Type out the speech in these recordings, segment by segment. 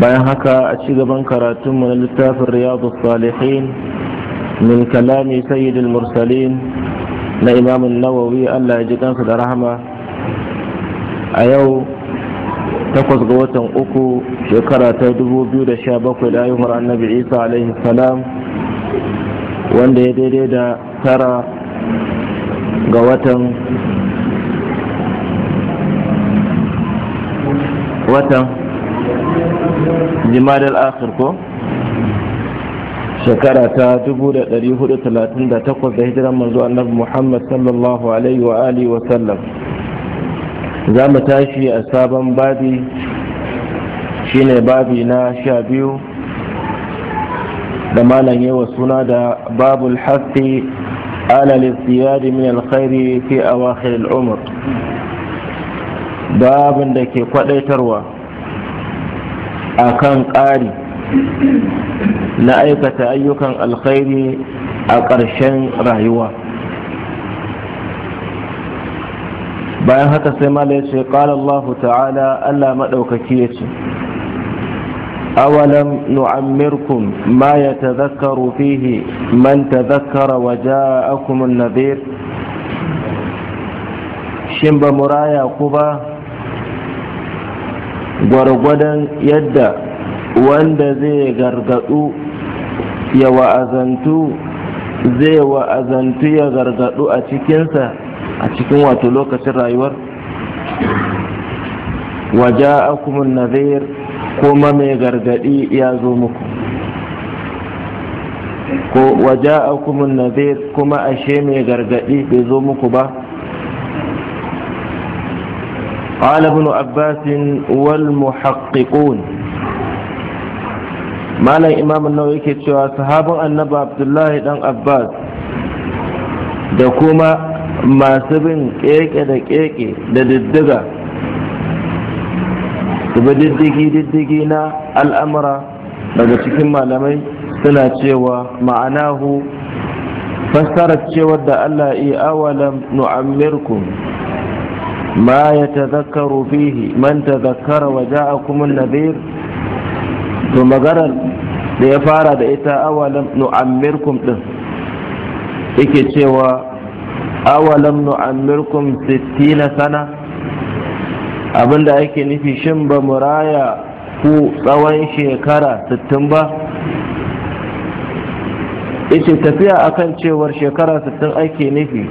bayan haka a ci gaban karatunmu na littafin riyadu salihin min kalami sayyidul mursalin na imamun nawawi allah ya ji kansu da rahama a yau takwas ga watan uku shekara ta 2017 da ayyuhar annabi isa alaihi salam wanda ya daidai da tara ga watan watan jima'ar akhir ko shekara ta 438 da hijiran manzo annabi Muhammad sallallahu alaihi wa alihi wa sallam za mu tashi a sabon babi shine babi na sha biyu da malam yawa suna da babul haqqi ala listiyadi min alkhairi fi awakhir al'umr babin da ke kwadaitarwa akan ƙari na aikata ayyukan alkhairi a ƙarshen rayuwa bayan haka sai mala ya ce Allah ta'ala Allah maɗaukaki ya ce awalam nu'ammirkum ma ya tazakkaru fihi man tazakkara wa ja'akumun nadhir shin ba muraya ku ba gwargwadon yadda wanda zai gargadu ya wa'azantu zai wa'azantu ya gargadu a cikinsa a cikin wato lokacin rayuwar waje akumin nazir kuma mai gargadi ya zo muku a waje akumin nazir kuma ashe mai gargadi bai zo muku ba قال ابن عباس والمحققون malam imam nawawi yake cewa sahabin annabi abdullahi dan abbas da kuma masu bin keke da keke da diddiga ba diddigi diddigi na al'amra daga cikin malamai suna cewa ma'anahu fassarar cewar da allah iya awalam nu'ammirkum ما يتذكر فيه من تذكر وجاءكم النذير ثم قرر ليفار دئتا أولم نعمركم ده إكي تشوى أولم نعمركم ستين سنة abin da ake nufi shin ba mu raya ku tsawon shekara sittin ba ita tafiya akan cewar shekara sittin ake nufi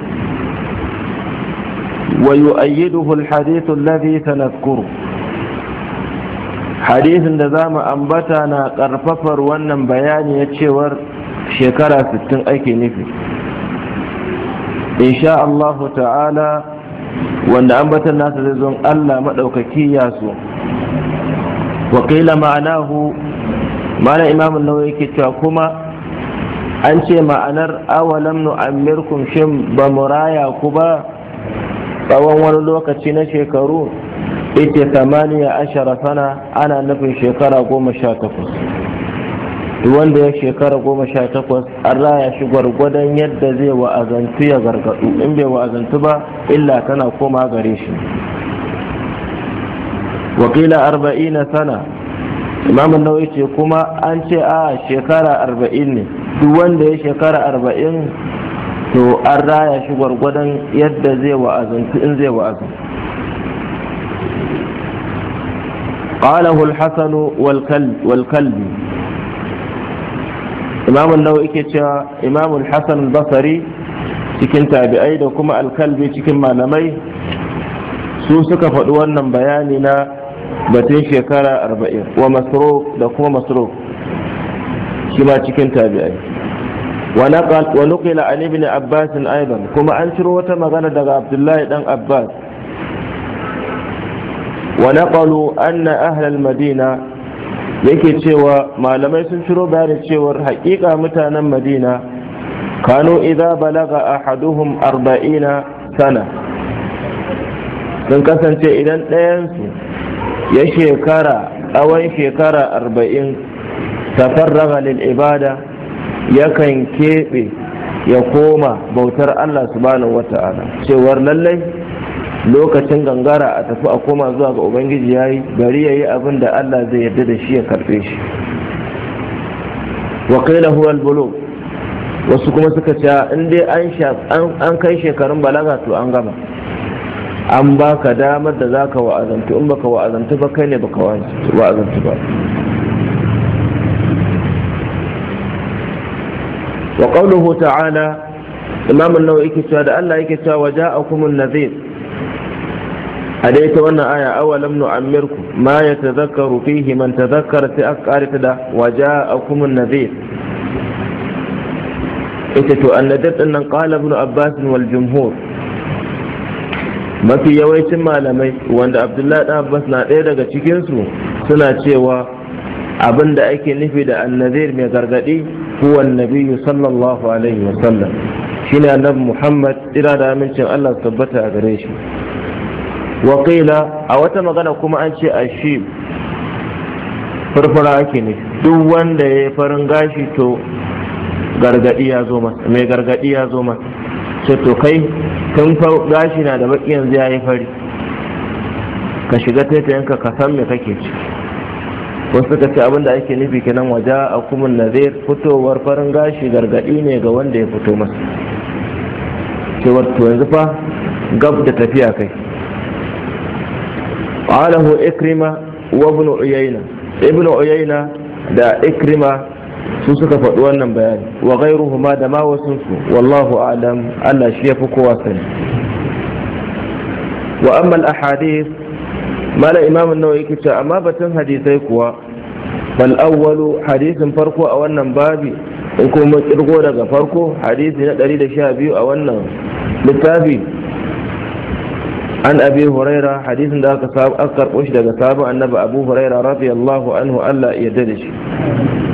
ويؤيده الحديث الذي سنذكره حديث da za mu ambata na ƙarfafar wannan bayani ya cewar shekara 60 ake nufi insha ta'ala wanda ambatan nasa zai zon Allah maɗaukaki ya so wakila ma'anahu ma'ana imamun na yake cewa kuma an ce ma'anar awalam nu'ammirkum shin ba mu raya ku ba tsawon wani lokaci na shekaru ita tamaniya ashara sana ana nufin shekara goma sha takwas wanda ya shekara goma sha takwas an raya shi gwargwadon yadda zai wa'azantu ya gargadu in bai wa'azantu ba illa tana koma gare shi wakila arba'ina sana imam nau'i ce kuma an ce a shekara arba'in ne duk wanda ya shekara arba'in to an raya shi gwargwadon yadda zai wa'azanci in zai wa'azu ƙala hulHassanu walKalbi, imamun nau'i ke cewa imamun الحسن basari cikin tabi'ai da kuma alkalbi cikin malamai su suka faɗi wannan bayani na batun shekara arba'in wa masro da kuma masro shi ma cikin tabi'ai ونقل عن ابن عباس أيضا كما أنشر وتمغنى دغ عبد الله بن عباس ونقلوا أن أهل المدينة yake cewa malamai sun shiro bayanin cewar hakika mutanen madina kano idza balaga ahaduhum arba'ina sana sun kasance idan ɗayansu ya shekara tsawon shekara arba'in tafarraga lil ibada yakan keɓe ya koma bautar Allah subhanahu wata'ala cewar lallai lokacin gangara a tafi a koma zuwa ga ubangiji ya yi bari ya yi abin da Allah zai yarda da shi ya karɓe shi wakila huwal bulo wasu kuma suka ce in dai an kai shekarun balaga to an gama an baka damar da zaka wa'azantu in baka wa'azantu ba kai ne baka wa'azantu ba wa qawluhu ta'ala imam an-nawawi yake cewa da Allah yake cewa waja'akum an-nadhir a dai ta wannan aya awalam nu'ammirku ma yatadhakkaru fihi man tadhakkara sai aka karita da waja'akum an-nadhir ita to an nadir din nan qala ibn abbas wal jumhur mafi yawancin malamai wanda abdullahi dan abbas na ɗaya daga cikinsu suna cewa abinda ake nufi da annazir mai gargadi. huwa annabi sallallahu alaihi wasallam shine annabi muhammad ira da amincin allah tabbata a gare shi wa a wata magana kuma an ce shi farfara ake ne duk wanda ya farin gashi to gargadi ya zo masa gargadi ya zo masa kai tun gashi na da baki yanzu ya yi fari ka shiga taitayenka ka san me kake ciki wasu suka ce abin da ake nufi kenan waje a kumin nazir fitowar farin gashi gargaɗi ne ga wanda ya fito masa cewar to yanzu fa gab da tafiya kai alahu ikrima wa ibn uyayna ibn uyayna da ikrima su suka faɗi wannan bayani wa ghairuhuma da ma wasu su wallahu a'lam Allah shi ya fi kowa sani wa amma al ahadith malam imamun nawa yake cewa amma batun hadisai kuwa bal awwalu hadisin farko a wannan babi in kuma kirgo daga farko hadisi na 112 a wannan littafi an abi huraira hadisin da aka sabu aka karbo shi daga sabon annabi abu huraira radiyallahu anhu Allah ya yarda da shi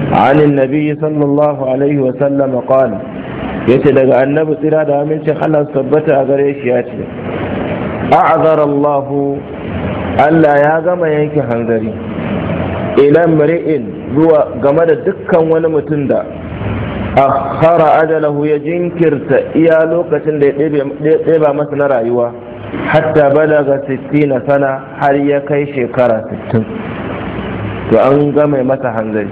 عن النبي صلى الله عليه وسلم قال yace daga annabi tsira da amincin Allah tabbata a gare shi ya ce a'azara Allahu Allah ya gama yanke hangari, ilan mari'in zuwa game da dukkan wani mutum da akhara ajalahu ya jinkirta iya lokacin da ya ɗeba masa na rayuwa hatta balaga 60 sana har ya kai shekara 60 to an gama masa hanzari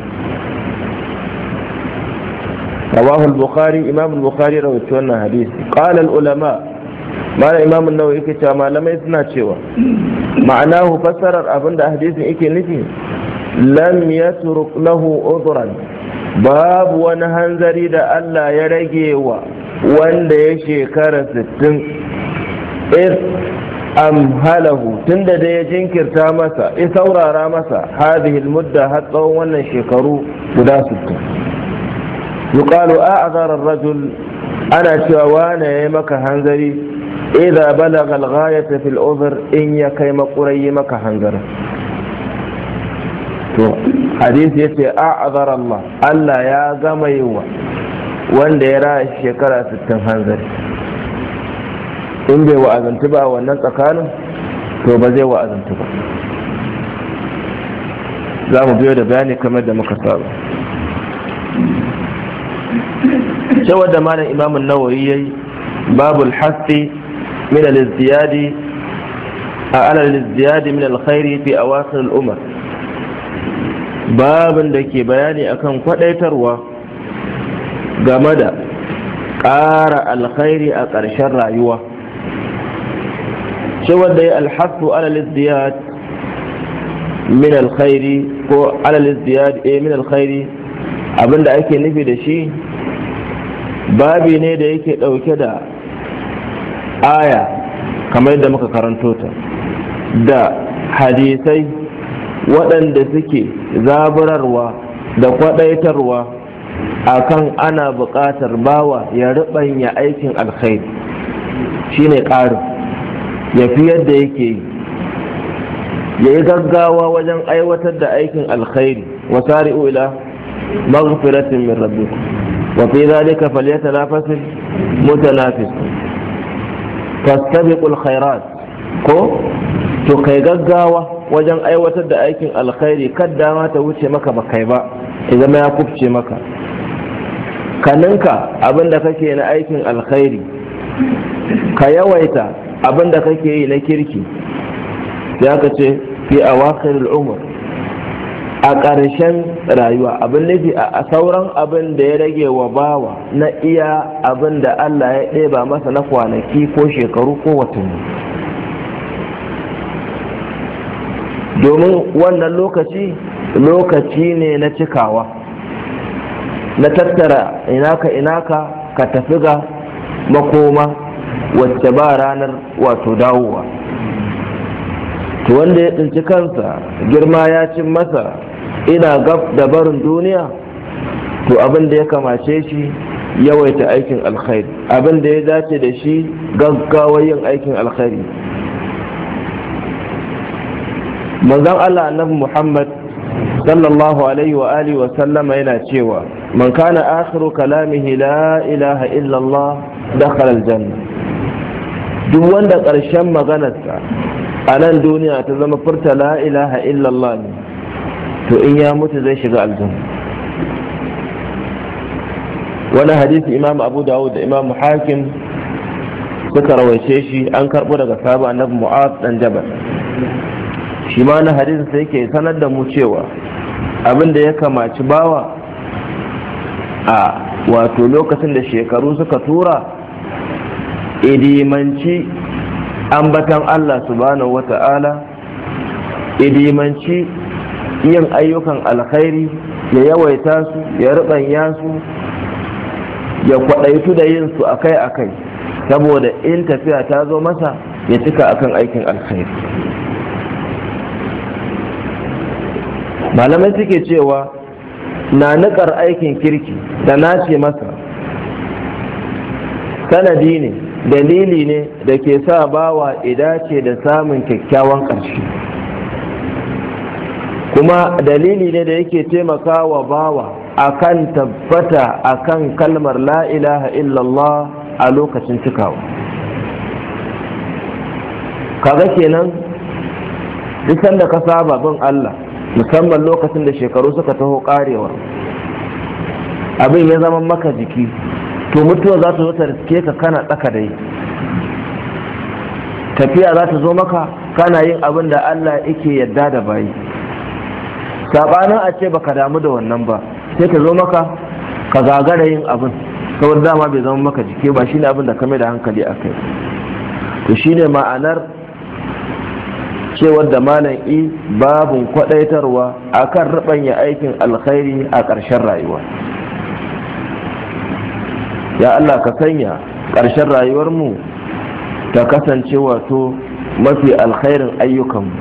رواه البخاري إمام البخاري روى wannan hadisi قال العلماء ما الإمام النووي yake cewa malamai suna cewa. ma'anahu fassarar abinda hadisin yake nufi lam yatruk lahu udran babu wani hanzari da Allah ya rage wa wanda ya shekara sittin ir amhalahu tunda da ya jinkirta masa ya saurara masa hadhihi mudda har tsawon wannan shekaru guda sittin yuqalu a azara rajul ana cewa wane ya maka hanzari idza balagha al-ghayata fil in ya kai makurai maka hanzara to hadisi yace a'azara Allah Allah ya gama yiwa wanda ya raya shekara 60 hanzari in bai wa'azantu ba wannan tsakanin to ba zai wa'azantu ba za mu biyo da bayani kamar da muka saba cewa da malam imamin nawawi yayi babul hasi من الازدياد على الازدياد من الخير في أواخر الأمر babin da ke bayani akan kwadaitarwa game da ƙara alkhairi a ƙarshen rayuwa cewar da ya alhassu alalin ziyad min alkhairi ko alalin ziyad e min alkhairi abinda ake nufi da shi babi ne da yake ɗauke da aya kamar yadda muka karanto ta da hadisai waɗanda suke zaburarwa da kwaɗaitarwa a kan ana buƙatar bawa ya ya aikin alkhairi shine ƙarin ya fi yadda yake yi ya yi gaggawa wajen aiwatar da aikin alkhairi wa sari'u ila maghfiratin min rabbikum wa fi dhalika falyatanafasul mutanafisun fastabiqul khairat ko to kai gaggawa wajen aiwatar da aikin alkhairi kadda ma ta wuce maka ba kai ba ya zama ya kufce maka kaninka abinda kake na aikin alkhairi ka yawaita abinda da kake yi na kirki ya ka ce fi awakhirul umr a ƙarshen rayuwa abin nufi a sauran abin da ya rage wa bawa na iya abin da allah ya ɗeba masa na kwanaki ko shekaru ko watanni domin wannan lokaci lokaci ne na cikawa na tattara inaka inaka ka tafi ga makoma wacce ba ranar wato dawowa wanda ya tsinci kansa girma ya cin masa ina gab da barin duniya to abin da ya kamace shi yawaita aikin alkhairi abin da ya dace da shi gaggawa yin aikin alkhairi manzon Allah annabi Muhammad sallallahu alaihi wa alihi wa sallama yana cewa man kana akhiru kalamihi la ilaha illa Allah dakhala aljanna duk wanda ƙarshen maganarsa a nan duniya ta zama furta la ilaha illa Allah ne to in ya mutu zai shiga aljanna wani hadisi imam abu dawud da imam hakim suka rawaice shi an karbo daga sabu annabi mu'ad dan jabal shi ma na hadisin sai ke sanar da mu cewa abin da ya kamaci bawa a wato lokacin da shekaru suka tura idimanci ambatan allah subhanahu wata'ala idimanci yin ayyukan alkhairi ya yawaita su ya rubanya su ya kwadaitu da yin su akai akai saboda in tafiya ta zo masa ya cika akan aikin alkhairi malamai suke cewa na nukar aikin kirki da na ce masa sanadi ne dalili ne da ke sa bawa idace da samun kyakkyawan ƙarshe kuma dalili ne da yake taimaka wa bawa akan tabbata akan kalmar la illallah a lokacin cikawa kaga kenan duk sanda ka saba bin Allah musamman lokacin da shekaru suka taho karewar abin ya zama maka jiki to mutuwa za ta zo ta riske ka kana tsaka dai tafiya za ta zo maka kana yin abin da Allah yake yadda da bayi sabanin a ce baka damu da wannan ba sai ka zo maka ka gagara yin abin saboda dama bai zama maka jiki ba shine abin da ka mai da hankali a kai to shine ma'anar cewar da malam i e babun kwadaitarwa akan rubanya aikin alkhairi a ƙarshen rayuwa ya Allah ka sanya ƙarshen rayuwarmu ta kasance wato mafi alkhairin ayyukanmu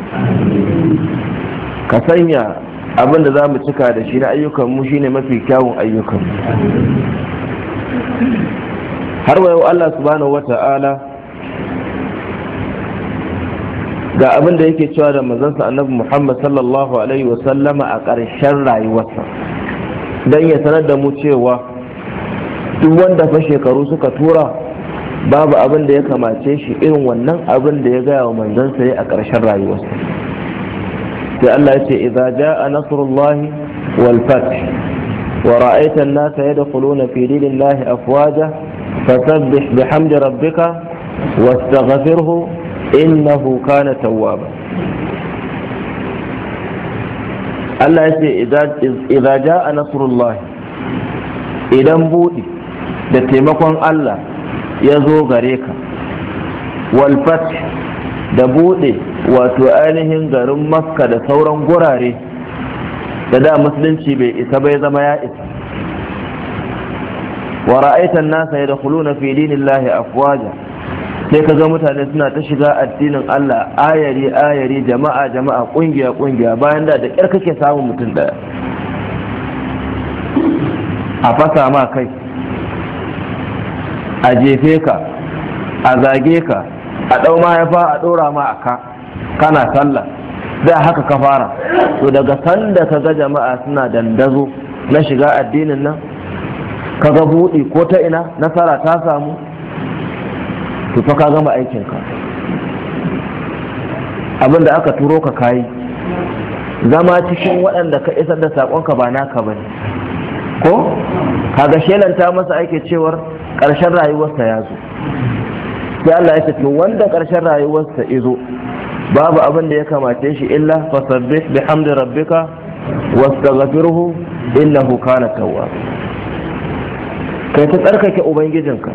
ka sanya abin da za mu cika da shi na ayyukan mu shine mafi kyawun ayyukan har wa yau Allah subhanahu wata'ala ga abin da yake cewa da manzansa annabi Muhammad sallallahu alaihi wa sallama a ƙarshen rayuwarsa don ya sanar da mu cewa duk wanda fa shekaru suka tura babu abin da ya kamace shi irin wannan abin da ya gaya wa manzansa ya a ƙarshen rayuwarsa sai Allah ya ce idza jaa nasrullahi wal fath wa ra'aita an-nasa yadkhuluna fi dinillahi afwaja fasabbih bihamdi rabbika wastaghfirhu innahu kana tawwaba Allah ya ce idza jaa nasrullahi idan buɗi da taimakon Allah ya zo gare ka wal fath da buɗe wato ainihin garin makka da sauran gurare da da musulunci bai isa bai zama ya isa wa ra'aitan nasa ya da na fi dinillahi afwaja sai ka ga mutane suna ta shiga addinin Allah ayari ayari jama'a jama'a kungiya kungiya bayan da da kyar kake samun mutum daya a fasa ma kai a jefe ka a zage ka a ɗau ma ya fa a ɗora ma a ka kana sallah da haka ka fara to daga sanda ka ga jama'a suna dandazo na shiga addinin nan ka ga buɗi ko ta ina nasara ta samu to fa ka gama aikinka abin da aka turo ka kayi zama cikin waɗanda ka isar da saƙonka ba naka ba ne ko kaga shelanta masa aike cewar ƙarshen rayuwarsa ya zo sai Allah ya ce to wanda ƙarshen rayuwarsa izo babu abin da ya kamace shi illa fasabbih bihamdi rabbika wastaghfirhu innahu kana tawwab kai ta tsarkake ubangijinka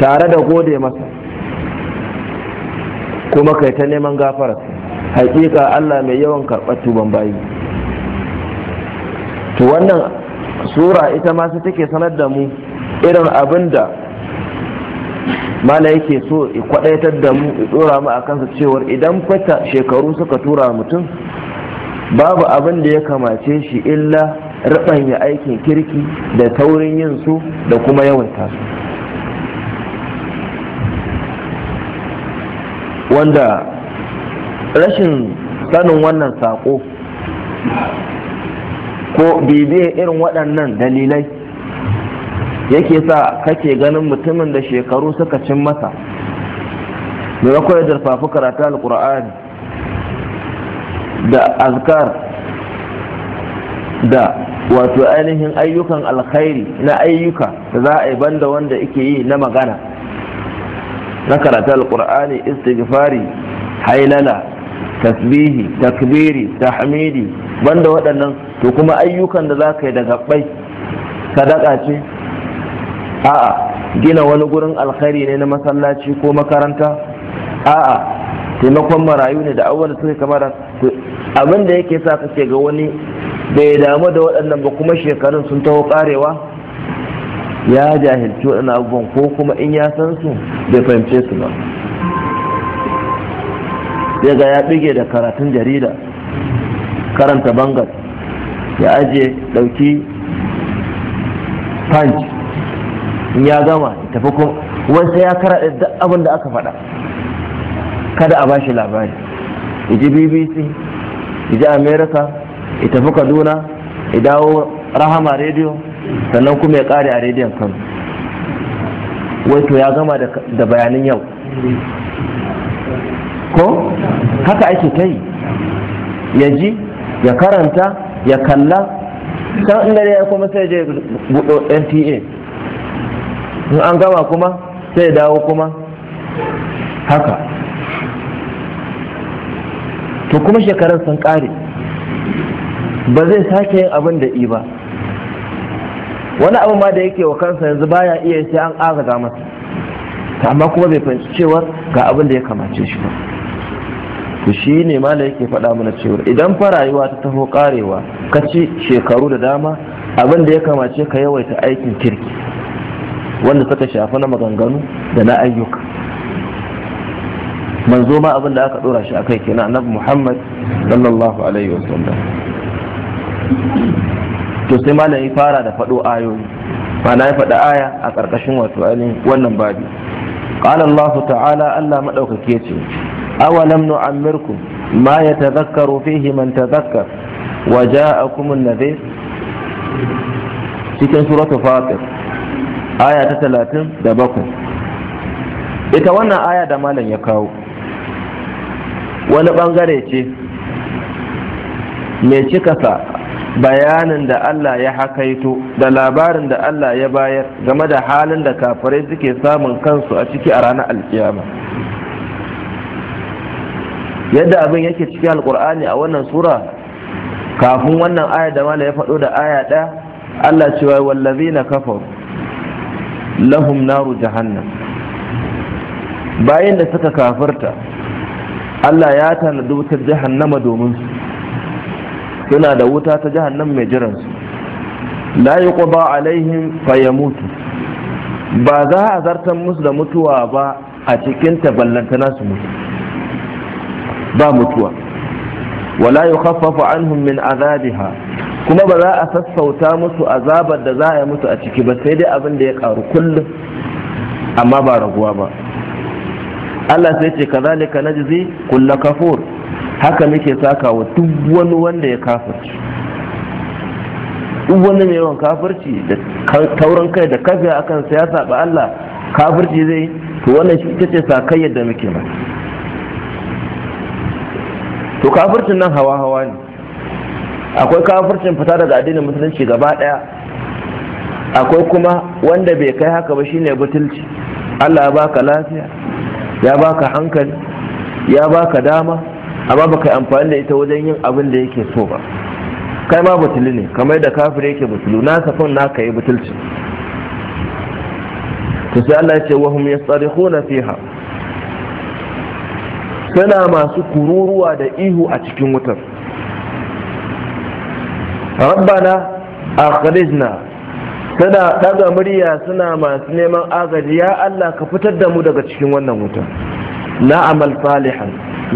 tare da gode masa kuma kai ta neman gafara hakika Allah mai yawan karɓar tuban bayi to wannan sura ita ma su take sanar da mu irin abin da mala yake so ya kwadaitar da mu ya dora mu a kansa cewar idan fata shekaru suka tura mutum babu abin da ya kamace shi illa rabanya aikin kirki da taurin yin su da kuma yawaita su wanda rashin sanin wannan sako ko bibiyar irin waɗannan dalilai yake sa kake ganin mutumin da shekaru suka cin masa maimakon ya jarfafi karatu alkur'ani da azkar da wato ainihin ayyukan alkhairi na ayyuka da za a yi banda wanda ike yi na magana na karatu alkur'ani istighfari hailala tasbihi takbiri tahmidi banda waɗannan to kuma ayyukan da za ka yi da gabbai sadaka ce a'a gina wani gurin alkhairi ne na masallaci ko makaranta a'a taimakon marayu ne da awwal da suka kama da abin da yake sa kake ga wani bai damu da waɗannan ba kuma shekarun sun taho karewa ya jahilci waɗannan abubuwan ko kuma in ya san su bai fahimce su ba sai ya bige da karatun jarida karanta bangar ya aje ɗauki punch ya gama tafi kuma wai sai ya kara duk abin da aka faɗa kada a bashi labari Iji bbc iji ji america ya tafi kaduna ya dawo rahama rediyo sannan kuma ya kare a rediyon kano wai to ya gama da bayanin yau ko haka ake ta yi ya ji ya karanta ya kalla san inda ya kuma sai je buɗo nta in an gama kuma sai dawo kuma haka to kuma shekarun sun ƙare ba zai sake yin abin da ba wani abu ma da yake wa kansa yanzu baya iya sai an agaza masa amma kuma bai fahimci cewar ga abin da ya kamace shi ba to shi ne mala yake faɗa mana cewar idan fa rayuwa ta taho karewa ka ci shekaru da dama abin da ya kamace ka yawaita aikin kirki wanda suka shafi na maganganu da na ayyuka manzo ma abin da aka dora shi a kai kenan annabi Muhammad sallallahu alaihi wa wasallam to sai malam ya fara da faɗo ayoyi ma'ana ya faɗa aya a ƙarƙashin wato ainihin wannan babi qala Allah ta'ala Allah madaukake ce awalam nu'ammirkum ma yatadhakkaru fihi man tadhakkar wa ja'akum an-nadhir cikin suratul fatir aya ta talatin da bakwai ita wannan aya da malam ya kawo wani bangare ce mai cikasa bayanin da Allah ya hakaito da labarin da Allah ya bayar game da halin da kafirai suke samun kansu a ciki a ranar alkiyama yadda abin yake ciki alkur'ani a wannan sura kafin wannan aya da malam ya faɗo da aya ɗaya Allah cewa wallazina na kafaru lahum naru jahannam bayan da suka kafarta Allah ya tanadi wutar jahannama domin su suna da wuta ta jahannam mai jiransu la yuqda alaihim fayamutu ba za a zartan musu da mutuwa ba a cikin ballantana su mutu ba mutuwa wala yukhaffafu anhum min azabiha kuma ba za a sassauta musu azabar da za a yi musu a ciki ba sai dai abin da ya karu kullum amma ba raguwa ba Allah sai ce kazalika najzi kullu kafur haka muke saka wa duk wani wanda ya kafirci duk wani mai yawan kafirci da taurin kai da kafiya akan siyasa ba Allah kafirci zai to wannan shi ita ce sakayyar yadda muke ba to kafircin nan hawa hawa ne akwai kafircin fita daga addinin musulunci gaba daya akwai kuma wanda bai kai haka ba shine butulci Allah ya baka lafiya ya baka hankali ya baka dama amma baka yi amfani da ita wajen yin abin da yake so ba kai ma butuli ne kamar da kafir yake butulu na safin na ka butulci to sai Allah ya ce wa hum yasarikhuna fiha suna masu kururuwa da ihu a cikin wutar rabbana akhrijna suna daga murya suna masu neman agaji ya Allah ka fitar da mu daga cikin wannan wuta na amal salihan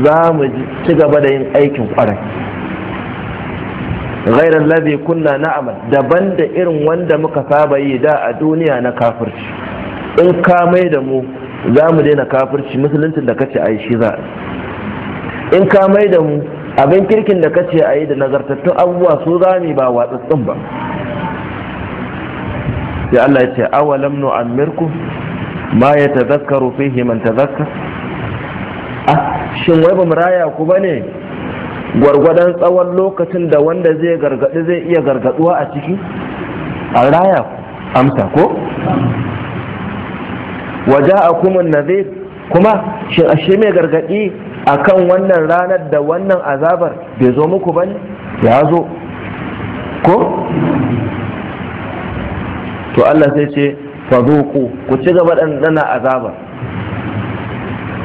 za mu ci gaba da yin aikin kwarai Gairar ladhi kunna namal daban da irin wanda muka saba yi da a duniya na kafirci in ka mai da mu za mu daina kafirci musuluncin da kace ai shi za in ka mai da mu abin kirkin da kace a yi da nazartattun abubuwa su zami ba watsatsun ba sai Allah ya ce awalam nu amirku ma ya tazakkaru fihi man tazakkar ah shin wai bamu raya ku bane gwargwadon tsawon lokacin da wanda zai gargadi zai iya gargaduwa a ciki a raya amsa ko waja akumun nazir kuma shin ashe mai gargadi akan wannan ranar da wannan azabar bai zo muku ba ne ya zo ko to Allah sai ce fazuku ku ci gaba dana azaba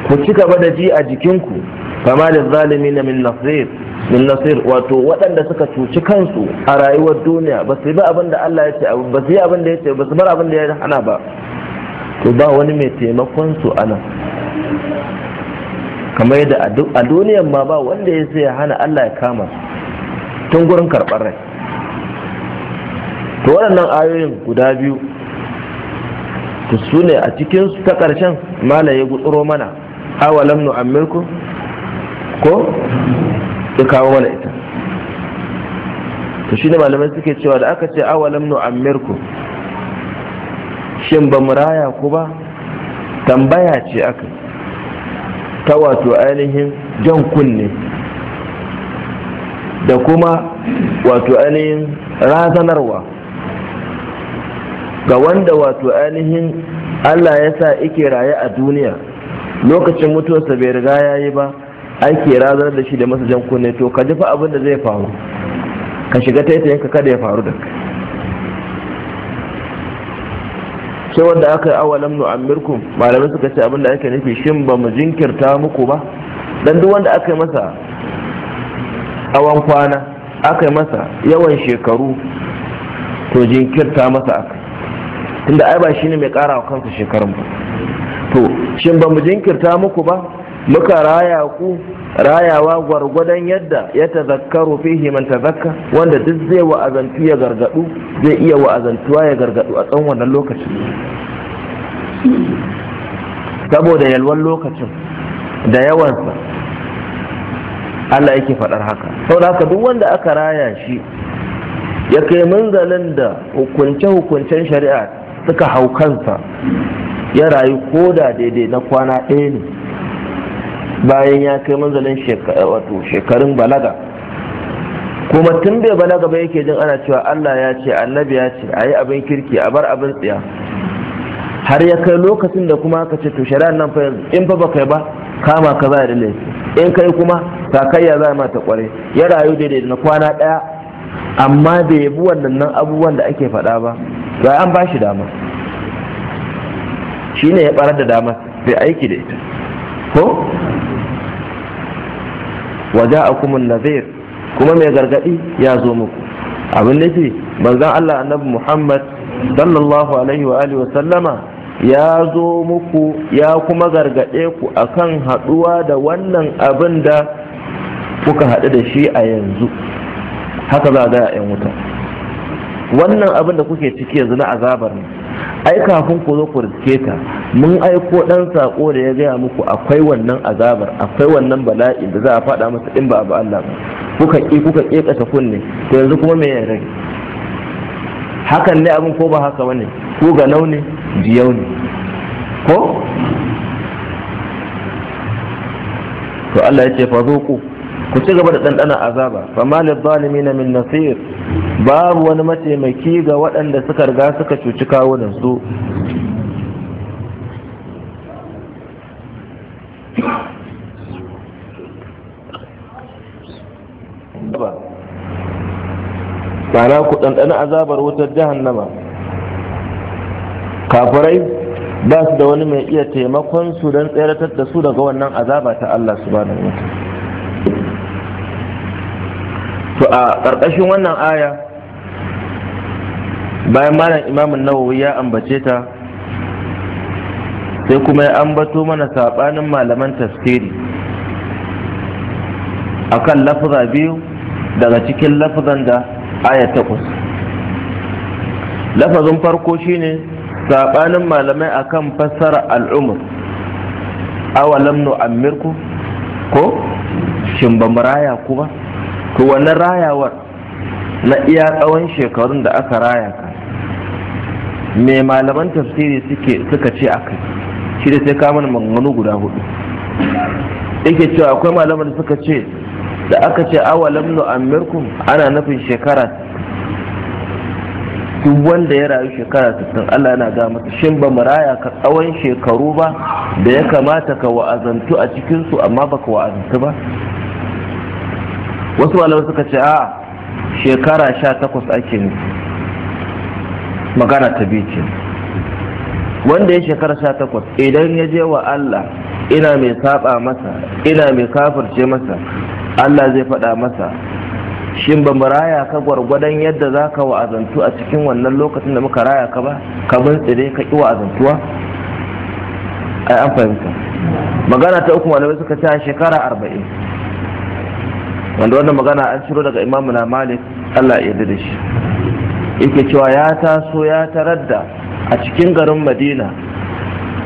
ku ci gaba da ji a jikinku kama da zalimi na min nasir min nasir wato waɗanda suka cuci kansu a rayuwar duniya ba su bi abin da Allah ya ce ba su yi abin da ya ce ba su bar abin da ya hana ba to ba wani mai taimakon su ana kamar yadda a duniyan ma ba wanda ya sai hana Allah ya kama tun gurin karɓar rai to waɗannan ayoyin guda biyu to su ne a cikin ta ƙarshen mala ya gutsuro mana awalam nu amirku ko ya kawo mana ita to ne malamai suke cewa da aka ce awalam nu amirku shin ba mu raya ku ba tambaya ce aka ta wato ainihin jan kunne da kuma wato ainihin razanarwa ga wanda wato ainihin allah ya sa ike raye a duniya lokacin mutuwarsa bai riga ya yi ba ake razanar da shi da masa jan kunne to ka ji fa abin da zai faru ka shiga taitayin ka kada ya faru da kai sai wanda aka yi awalam nu amirkum malamai suka ce abinda ake nufi shin ba mu jinkirta muku ba dan duk wanda aka yi masa awan kwana aka yi masa yawan shekaru to jinkirta masa aka tunda ai ba ne mai kara wa kansa shekarun ba to shin ba mu jinkirta muku ba muka raya ku rayawa gwargwadon yadda ya tazakkaru fihi man tazakka wanda duk zai wa'azantu ya gargadu zai iya wa'azantuwa ya gargadu a tsawon wannan lokacin saboda yalwan lokacin da yawansa Allah yake faɗar haka Sau haka duk wanda aka raya shi ya kai munzalin da hukunce-hukuncen shari'a suka hau kansa ya rayu koda daidai na kwana ɗaya ne bayan ya kai manzalin eh, shekarun balaga kuma tun bai balaga ba yake jin ana cewa Allah ya ce annabi ya ce a yi abin kirki a bar abin tsiya har ya kai lokacin da kuma aka ce to shari'ar nan fa in fa baka ba kama ka za da laifi in kai kuma ya za ma ta kware ya rayu daidai na kwana ɗaya, amma bai yabi wannan abubuwan da ake faɗa ba ga an ba shi dama shine ya barar da dama sai aiki da ita ko Waje a ja'akumun nadhir kuma mai gargadi ya zo muku abin nufi manzon Allah annabi Muhammad sallallahu alaihi wa alihi wa sallama ya zo muku ya kuma gargade ku akan haduwa da wannan abin da kuka haɗu da shi a yanzu haka za ga 'yan wuta wannan abin da kuke ciki yanzu na azabar ne ai kafin ku zo ku riske ta mun aiko dan sako da ya gaya muku akwai wannan azabar akwai wannan bala'i da za a faɗa masa in ba abu Allah ba kuka ki kuka kekata kunne to yanzu kuma me ya rage hakan ne abin ko ba haka bane ko ga launi biyau ne ko to Allah ya ce fa ku ku ci gaba da ɗanɗana azaba fama zalimi na min nasir babu wani mataimaki ga waɗanda suka riga suka cuci kawunan su ku ɗanɗana azabar wutar jahannama kafirai ba su da wani mai iya taimakon su don tseratar da su daga wannan azaba ta Allah subhanahu wa ta'ala to a ƙarƙashin wannan aya bayan malam imamun nawawi ya ambace ta sai kuma ya ambato mana saɓanin malaman tafsiri kan lafuza biyu daga cikin lafuzan da aya takwas lafazin farko shine saɓanin malamai a kan fassara al'umur awalam nu amirku ko shimba ba kuma to wannan rayawar na iya tsawon shekarun da aka raya ka me malaman tafsiri suke suka ce kai, shi da sai kamar manganu guda hudu yake cewa akwai malaman da suka ce da aka ce awalam nu amirkum ana nufin shekara duk wanda ya rayu shekara sittin Allah yana ga masa shin ba raya ka tsawon shekaru ba da ya kamata ka wa'azantu a cikinsu su amma baka wa'azantu ba wasu malamai suka ce a shekara sha takwas ake ne magana ta biyu ce wanda ya shekara sha takwas idan ya je wa Allah ina mai saba masa ina mai kafirce masa Allah zai faɗa masa shin ba mu raya ka gwargwadon yadda za ka wa'azantu a cikin wannan lokacin da muka raya ka ba ka bin tsire ka ƙi wa'azantuwa ai an fahimta magana ta uku malamai suka ce a shekara arba'in wanda wannan magana an ciro daga imamu na malik allah ya da shi yake cewa ya taso ya tarar da a cikin garin madina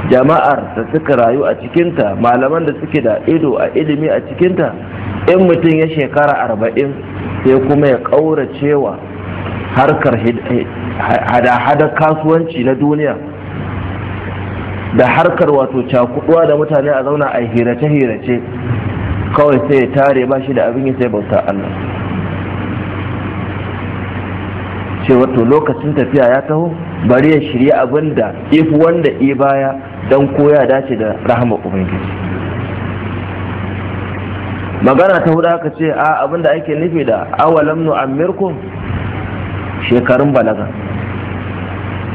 jama'ar da suka rayu a cikinta malaman da suke da ido a ilimi a cikinta in mutum ya shekara arba'in sai kuma ya ƙaura cewa harkar hada-hada kasuwanci na duniya da harkar wato cakuduwa da mutane a zauna a hirace-hirace kawai sai ya tare ba shi da abin yi sai bauta Allah ce wato lokacin tafiya ya taho bari ya shirya abin da if wanda i baya don koya dace da rahama ubangiji magana ta hudu aka ce a abin da ake nufi da awalam nu amirkum shekarun balaga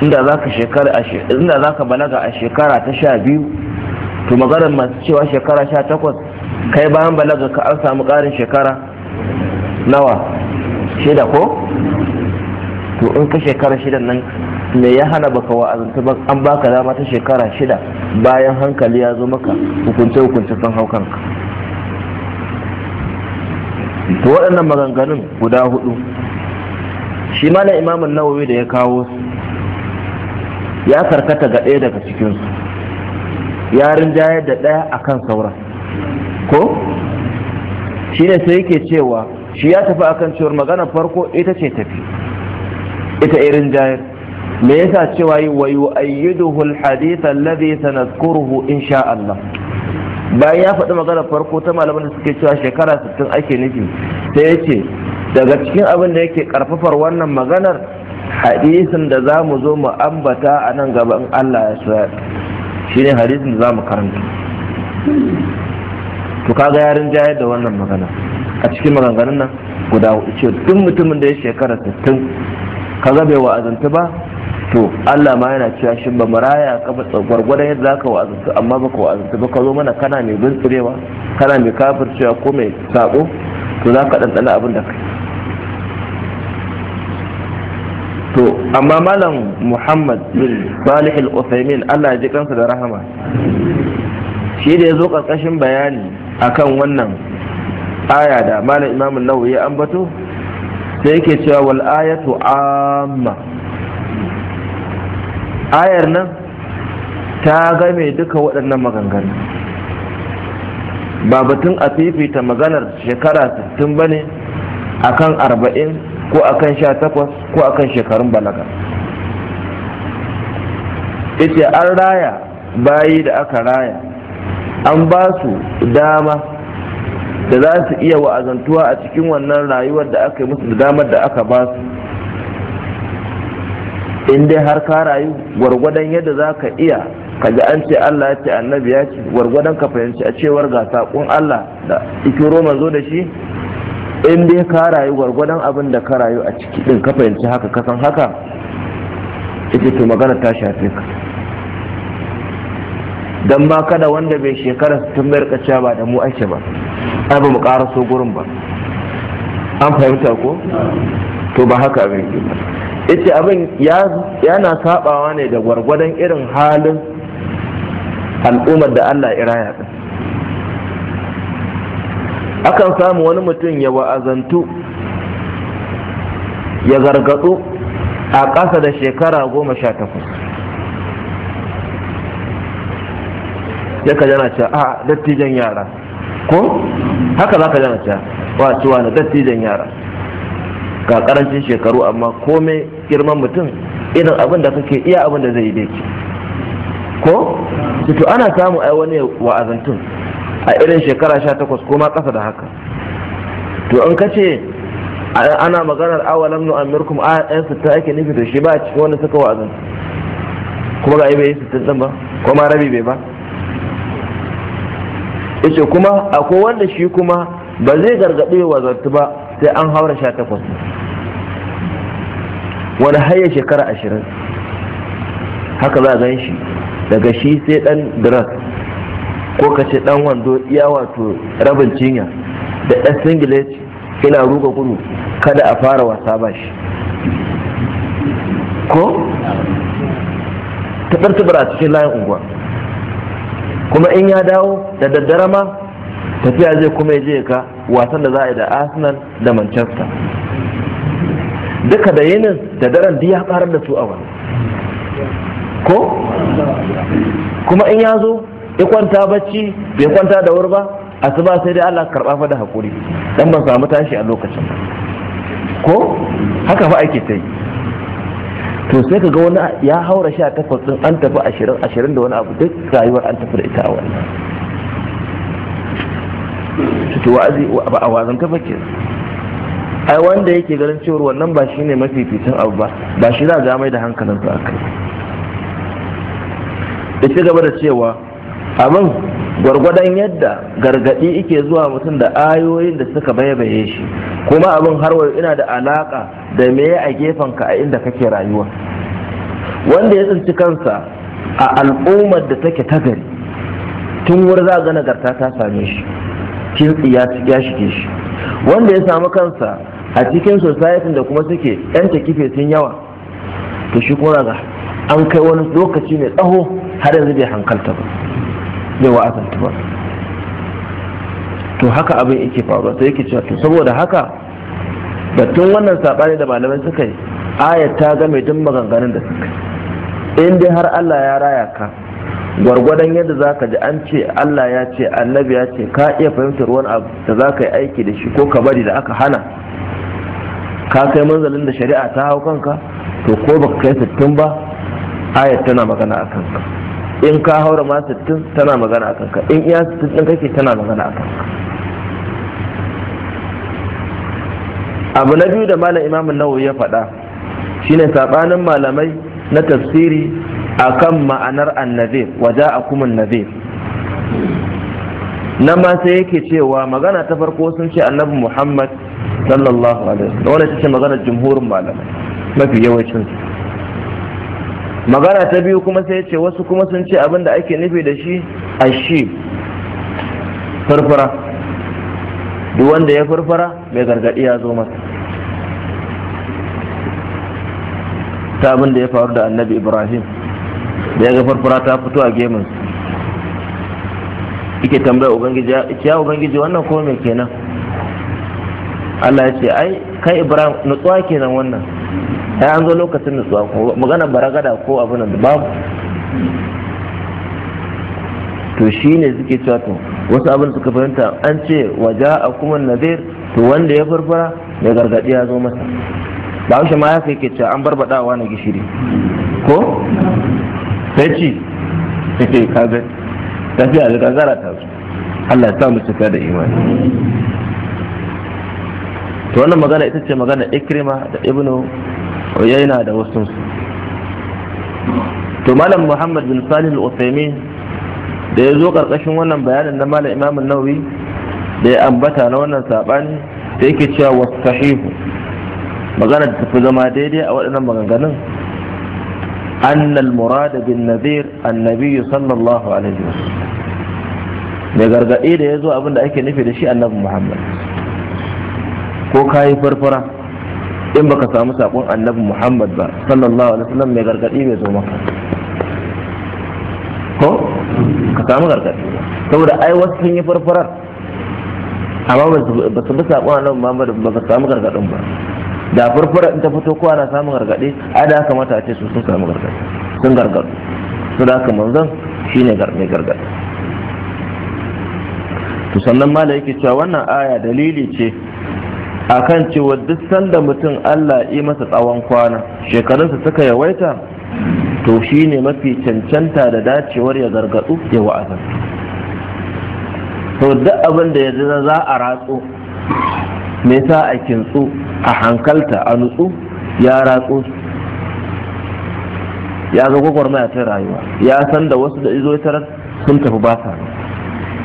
inda za ka balaga a shekara ta sha biyu to maganar masu cewa shekara sha takwas kai bayan balaga ka an samu ƙarin shekara nawa shida ko to in ka shekara shida nan me ya hana baka azanta ba an baka dama ta shekara shida bayan hankali ya zo maka hukunce hukunce kan haukan ka to waɗannan maganganun guda hudu shi malam imamun nawawi da ya kawo ya karkata ga ɗaya daga cikinsu ya rinjayar da ɗaya akan sauran ko shi ne sai yake cewa shi ya tafi akan cewar magana farko ita ce tafi ita irin jayar me yasa cewa yi wa yu'ayyiduhu alhadith alladhi sanadhkuruhu insha Allah bayan ya faɗi magana farko ta malaman da suke cewa shekara 60 ake nufi sai ya ce daga cikin abin da yake karfafar wannan maganar hadisin da za mu zo mu ambata a nan gaban Allah ya Shi ne hadisin da za mu karanta to kaga yarin jayar da wannan magana a cikin maganganun nan guda hudu ce duk mutumin da ya shekara tattun kaga bai wa'azanta ba to Allah ma yana cewa shin ba maraya ka ba gwargwadon yadda zaka wa'azanta amma baka wa'azanta ba ka zo mana kana mai bintsirewa kana mai kafircewa ko mai sako to za ka ɗanɗana abin da kai to amma malam muhammad bin salih al-uthaymin Allah ya ji kansa da rahama shi da ya zo ƙarƙashin bayani akan wannan aya da malam imamun nawawi ya ambato sai yake cewa wal ayatu amma ayar nan ta game duka waɗannan maganganu ba batun a fifita maganar shekara 60 bane akan 40 ko akan 18 ko akan shekarun balaga ita an raya bayi da aka raya an ba su dama da za su iya wa'azantuwa a cikin wannan rayuwar da aka yi musu da damar da aka ba su in dai har ka rayu gwargwadon yadda za ka iya kaga an ce Allah ya ce annabi ya ce gwargwadon ka fahimci a cewar ga saƙon Allah da ikiro manzo da shi in dai ka rayu gwargwadon abin da ka rayu a ciki din ka fahimci haka kasan haka ita ce magana ta shafe ka don ma kada wanda bai shekara tun mayar kacca ba da mu ake ba ai ba mu so gurin ba an fahimta ko to ba haka abin ke ba ita abin yana sabawa ne da gwargwadon irin halin al'ummar da allah iraya ɗin akan samu wani mutum ya wa'azantu ya gargadu a ƙasa da shekara goma sha takwas ya ka jana cewa a ah, dattijan yara ko haka za ka jana cewa wa cewa na dattijan yara ga karancin shekaru amma komai girman mutum irin abin da kake iya abin da zai yi daiki ko to ana samu ai wani wa'azantun a irin shekara sha takwas ko ma ƙasa da haka to in ka ce ana maganar awalan nu amirkum a yan sittin ake nufi to shi ba cikin wanda suka wa'azantun kuma ga ibe bai yi sittin ɗin ba ma rabi bai ba yace kuma akwai wanda shi kuma ba zai gargaɗe wa zartu ba sai an haura sha takwas wani haya shekara ashirin haka za a gan shi daga shi sai ɗan diras ko ka ce ɗan wando iya wato rabin cinya da ɗan singlet ina ruga gudu kada a fara wasa ba shi ko taɓar-taɓar a cikin layin unguwa kuma in ya dawo da daddare ma tafiya zai kuma ya je ka wasan da za a yi da arsenal da manchester duka da yinin da daren duk ya karar da su a wani ko kuma in ya zo ya kwanta bacci bai kwanta da wuri ba asuba sai dai allah karɓa fa da haƙuri dan ban samu tashi a lokacin ko haka fa ake ta yi to sai ka ga wani ya haura sha takwas din an tafi ashirin ashirin da wani abu duk rayuwar an tafi da ita a wannan cikin wa'azi ba a wazan ta fake ai wanda yake ganin cewar wannan ba shine mafificin abu ba ba shi za ga mai da hankalin sa akai da ci gaba da cewa abin gwargwadon yadda gargadi ike zuwa mutum da ayoyin da suka baibaye shi kuma abin harwayo ina da alaka da me a gefenka a inda kake rayuwa wanda ya tsinci kansa a al'ummar da take ta gari tun wurin za ga nagarta ta same shi kin ya shige shi wanda ya samu kansa a cikin society da kuma suke yan kife sun yawa to shi kuma ga an kai wani lokaci mai tsaho har yanzu bai hankalta ba zai wa'azantu ba to haka abin yake faruwa sai yake cewa saboda haka batun wannan saɓani da malamai suka yi ayat ta game duk maganganun da suka yi in dai har Allah ya raya ka gwargwadon yadda za ka ji an ce Allah ya ce annabi ya ce ka iya fahimtar wani abu da za ka yi aiki da shi ko ka bari da aka hana ka kai manzalin da shari'a ta hau kanka to ko baka kai sittin ba ayat tana magana a kanka in ka haura ma sittin tana magana a kanka in iya sittin ɗin kake tana magana a kanka abu na biyu da malam imamun nawo ya faɗa shine saɓanin malamai na tafsiri akan ma'anar Annabi waje a kuma nazir nan ma sai yake cewa magana ta farko sun ce annabi muhammad sallallahu alaihi wasallam wannan ce magana jumhurin malamai mafi yawancin su magana ta biyu kuma sai ce wasu kuma sun ce abin da ake nufi da shi a shi farfara duk wanda ya farfara mai gargadi ya zo masa ta abin da ya faru da annabi ibrahim da ya ga farfara ta fito a gemun ike tambaya ubangiji ya ubangiji wannan ko me kenan Allah ya ce ai kai ibrahim nutsuwa kenan wannan sai an zo lokacin nutsuwa ko magana baragada ko abin da babu to shi ne suke cewa to wasu abin suka fahimta an ce waja a kuma nazir to wanda ya farfara mai gargaɗi ya zo masa ba shi ma ya kai ke cewa an barbaɗawa na gishiri ko sai ci take kaga tafiya da kagara ta su Allah ya sa mu cika da imani to wannan magana ita ce magana ikrima da ibnu uyaina da wasu to malam muhammad bin salih al-usaimin da ya zo karkashin wannan bayanin na malam imam nawawi da ya ambata na wannan sabani da yake cewa wasahihu magana da tafi zama daidai a waɗannan maganganun أن المراد بالنذير النبي صلى الله عليه وسلم mai gargaɗi da yazo abin da ake nufi da shi annabi muhammad ko ka yi farfara in baka samu sakon annabi muhammad ba sallallahu alaihi wasallam mai gargadi bai zo maka ko ka samu gargadi saboda ai wasu sun yi farfarar amma ba su bi sakon annabi muhammad ba ka samu gargadin ba da farfarar in ta fito kowa na samun gargadi ai da haka mata ce su sun samu gargadi sun gargadu su da haka manzon shine mai gargadi to sannan mala yake cewa wannan aya dalili ce akan cewa duk sanda mutum Allah yi masa tsawon kwana shekarunsa suka yawaita to shi ne mafi cancanta da dacewar ya gargatsu ya wa'aza to duk abin da ya za a ratso me sa a kintsu a hankalta a nutsu ya ratso ya ga gwagwarmaya ta rayuwa ya san da wasu da izo tarar sun tafi ba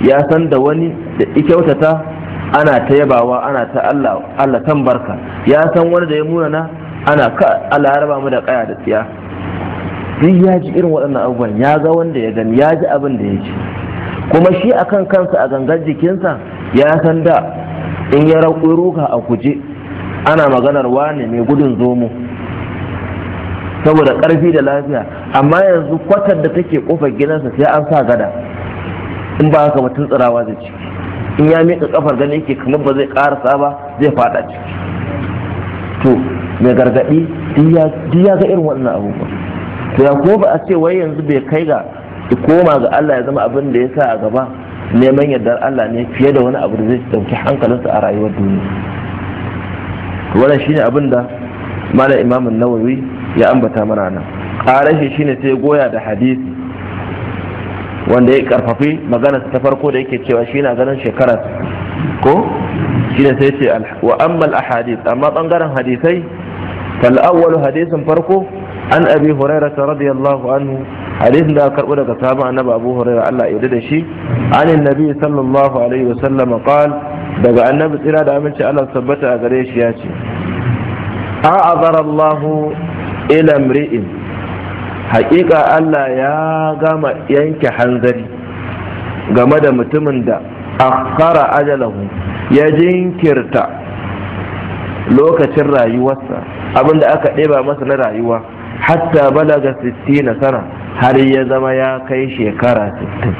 ya san da wani da kyautata ana ta yabawa ana ta Allah Allah barka' ya san wani da ya na? ana ka Allah ya raba mu da kaya da tsiya duk ya ji irin waɗannan abubuwan ya ga wanda ya gani ya ji abin da ya ji kuma shi akan kansa a gangar jikinsa ya san da in ya raƙo ruka a kuje ana maganar wane mai gudun zomo saboda ƙarfi da lafiya amma yanzu kwatar da take ƙofar gidansa sai an sa gada in ba haka mutum tsirawa zai ciki in ya miƙa kafar ganin ke kamar ba zai ƙarasa ba zai fada ciki to mai gargaɗi duk ya ga irin wannan abubuwa to ya ko ba a ce wai yanzu bai kai ga koma ga Allah ya zama abin da ya sa a gaba neman yardar Allah ne fiye da wani abu da zai dauki hankalinsa a rayuwar duniya wannan shine abin da malam imamin nawawi ya ambata mana nan Karashe shine sai goya da hadisi wanda ya karfafi magana ta farko da yake cewa shi na ganin shekarar ko shi ne sai ce wa ammal ahadith amma bangaren hadisai fal awwalu hadisin farko an abi hurairah radiyallahu anhu hadisin da karbo daga sahabi annabi abu hurairah Allah ya da shi anin nabi sallallahu alaihi wasallam qal daga annabi tsira da aminci Allah tabbata a gare shi ya ce a'azara Allahu ila mri'in haƙiƙa Allah ya gama yanke hanzari game da mutumin da akara ajalahu ya jinkirta lokacin rayuwarsa abinda aka ɗeba masa na rayuwa hatta balaga 60 sana har ya zama ya kai shekara 60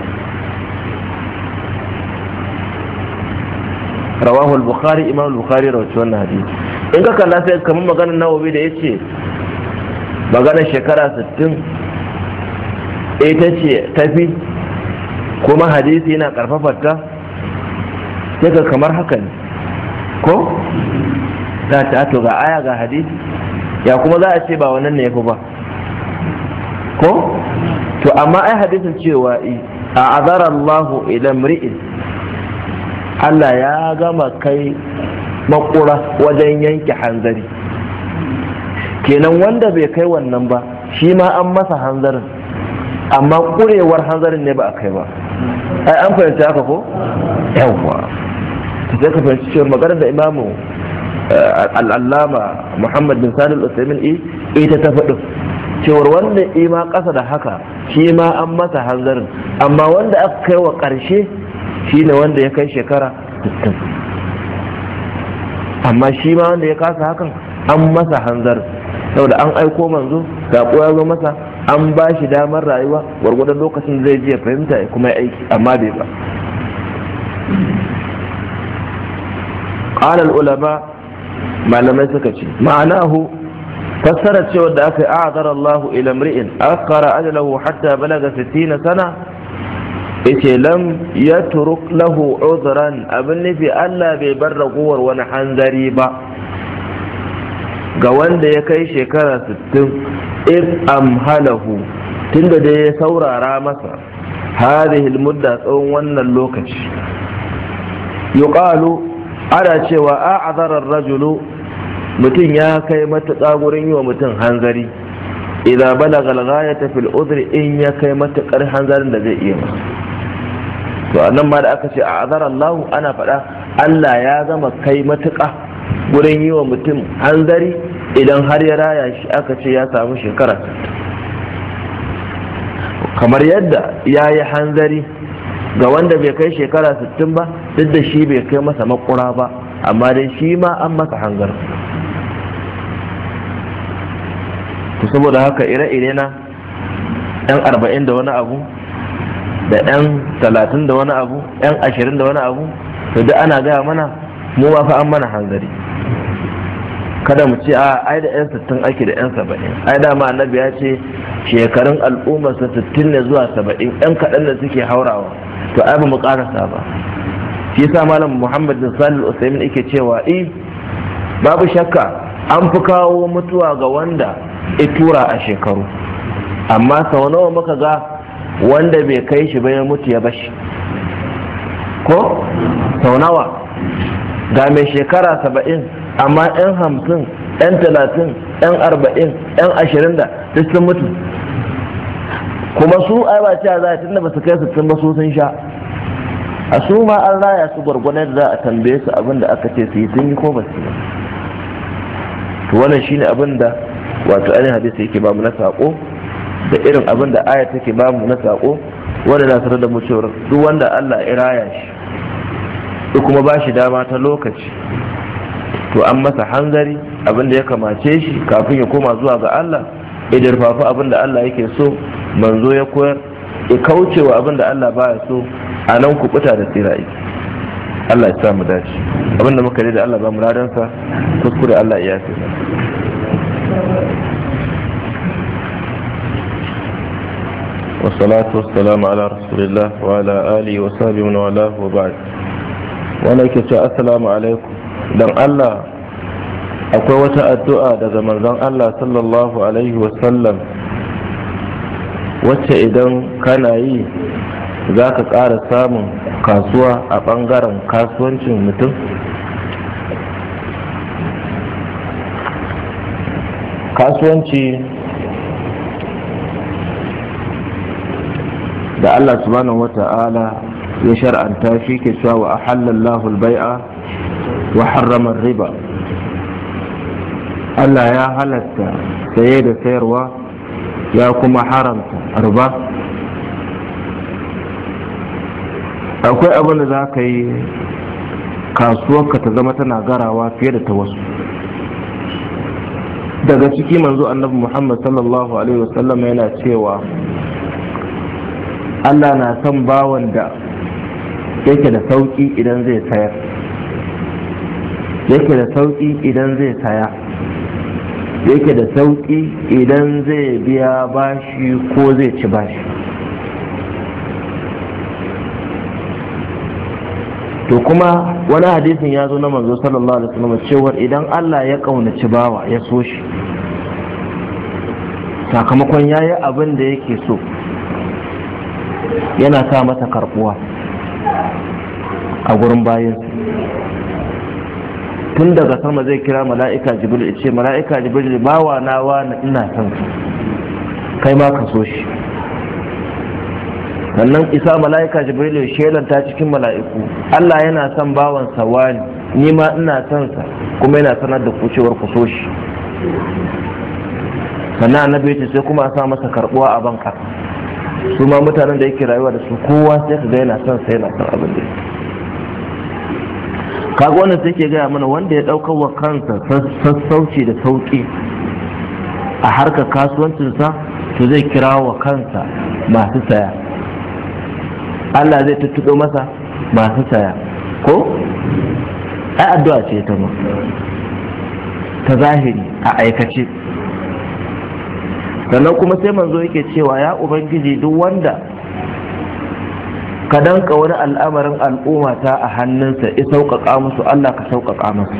rawahul bukhari imam bukhari rawaci wannan hadisi in ka kalla sai kamar maganar nawawi da yace magana shekara 60 ita ce tafi kuma hadisi yana karfafarta sai ka kamar haka ne ko za ta to ga aya ga hadisi ya kuma za a ce ba wannan ne ya fi ba ko to amma ai hadisin cewa a azara Allahu ila mri'in Allah ya gama kai makura wajen yanke hanzari kenan wanda bai kai wannan ba shi ma an masa hanzarin amma kurewar hanzarin ne ba a kai ba ai an fahimci haka ko yawwa ta ka fahimci cewa magana da imamu eh, al'allama muhammad bin salim usaimin e eh, ita ta faɗin cewar wanda ima ƙasa da haka shi ma an masa hanzarin amma wanda aka kai wa ƙarshe shi ne wanda ya kai shekara 60 amma shi ma wanda ya kasa hakan an masa hanzarin saboda an aiko manzo sako ya zo masa an ba shi damar rayuwa gwargwadon lokacin zai je fahimta ya kuma aiki amma bai ba qala ulama malamai suka ce ma'anahu fassara cewa da aka a'adara Allah ila mri'in akara ajalahu hatta balaga 60 sana yace lam yatruk lahu udran abin nufi Allah bai bar ragowar wani hanzari ba ga wanda ya kai shekara sittin if amhalahu tunda da ya saurara masa hadhihi mudda tsawon wannan lokaci yuqalu ana cewa a azarar rajulu mutum ya kai matuƙa gurin yi wa mutum hanzari idan Bala al-ghayata fil udhr in ya kai matuƙar hanzarin da zai iya masa to annan ma da aka ce a azar Allah ana faɗa Allah ya zama kai matuƙa wurin yi wa mutum hanzari idan har ya raya shi aka ce ya samu shekara kamar yadda ya yi hanzari ga wanda bai kai shekara 60 ba duk da shi bai kai masa makura ba amma dai shi ma an masa hangar ku saboda haka ire-ire na yan arba'in da wani abu da yan talatin da wani abu yan ashirin da wani abu to duk ana gaya mana mu ba fa an mana hanzari kada mu ce a ai da yan sittin ake da yan saba'in ai dama annabi ya ce shekarun al'ummar sa sittin ne zuwa saba'in yan kaɗan da suke haurawa to ai ba mu ƙarasa ba shi yasa malam muhammad bin salih usaimin yake cewa i eh, babu shakka an fi kawo mutuwa ga wanda ya tura a shekaru amma sau nawa muka ga wanda bai kai shi ba ya mutu ya bashi ko sau nawa ga mai shekara saba'in amma yan hamsin yan talatin yan arba'in yan ashirin da sun mutu kuma su ai ba cewa za a tunda ba su kai su ba su sun sha a su ma an raya su gwargwadon da za a tambaye su abin da aka ce su yi sun yi ko ba su yi to wannan shine abin da wato ainihin hadisi yake ba mu na sako da irin abin da aya take ba mu na sako wanda na sanar da mu cewa duk wanda Allah ya raya shi duk kuma ba shi dama ta lokaci to an masa hanzari abin da ya kamace shi kafin ya koma zuwa ga Allah ya jirfafi abin da Allah yake so manzo ya koyar ya kauce wa abin da Allah baya so a nan kubuta da tsira Allah ya samu dace abin da muka da Allah ba muradansa kuskure Allah ya ala والصلاة wa ala alihi wa وعلى آله وصحبه ومن والاه وبعد وعليكم السلام alaikum. don allah akwai wata addu'a daga manzon allah sallallahu alaihi wasallam wacce idan kana yi za ka ƙara samun kasuwa a ɓangaren kasuwancin mutum kasuwanci da allah subhanahu wata'ala ya shar'anta shi ke cewa wa ahallallahu bai'a wa harramar riba Allah ya halatta saye da sayarwa ya kuma haramta riba akwai abin da za ka yi kasuwarka ta zama tana garawa fiye da ta wasu daga ciki manzo annabi muhammad sallallahu alaihi wasallam yana cewa allah na son bawan da yake da sauki idan zai sayar yake da sauƙi idan zai saya yake da sauƙi idan zai biya bashi ko zai ci bashi to kuma wani hadisin ya zo na manzo sallallahu alaihi wasallam cewar idan Allah ya ƙaunaci bawa ya so shi sakamakon ya yi abin da yake so yana sa mata karbuwa a gurin bayansa tun daga sama zai kira mala'ika jibril ce mala'ika jibril bawa na wani ina son kai ma ka so shi sannan isa mala'ika jibril shelanta cikin mala'iku Allah yana son bawan sawani ni ma ina son sa kuma yana sanar da ku cewar ku so shi sannan annabi ce sai kuma a sa masa karbuwa a banka su ma mutanen da yake rayuwa da su kowa sai ka ga yana son sa yana son abin da yake kaga wannan sai ke gaya mana wanda ya ɗaukar wa kansa sassauci da sauki a harkar kasuwancinsa to zai kira wa kansa masu saya Allah zai tuttuɗo masa masu saya ko ai addu'a ce ta ma ta zahiri a aikace sannan kuma sai manzo yake cewa ya ubangiji duk wanda ka danka wani al'amarin al'umma ta a hannunsa ya sauƙaƙa musu Allah ka sauƙaƙa musu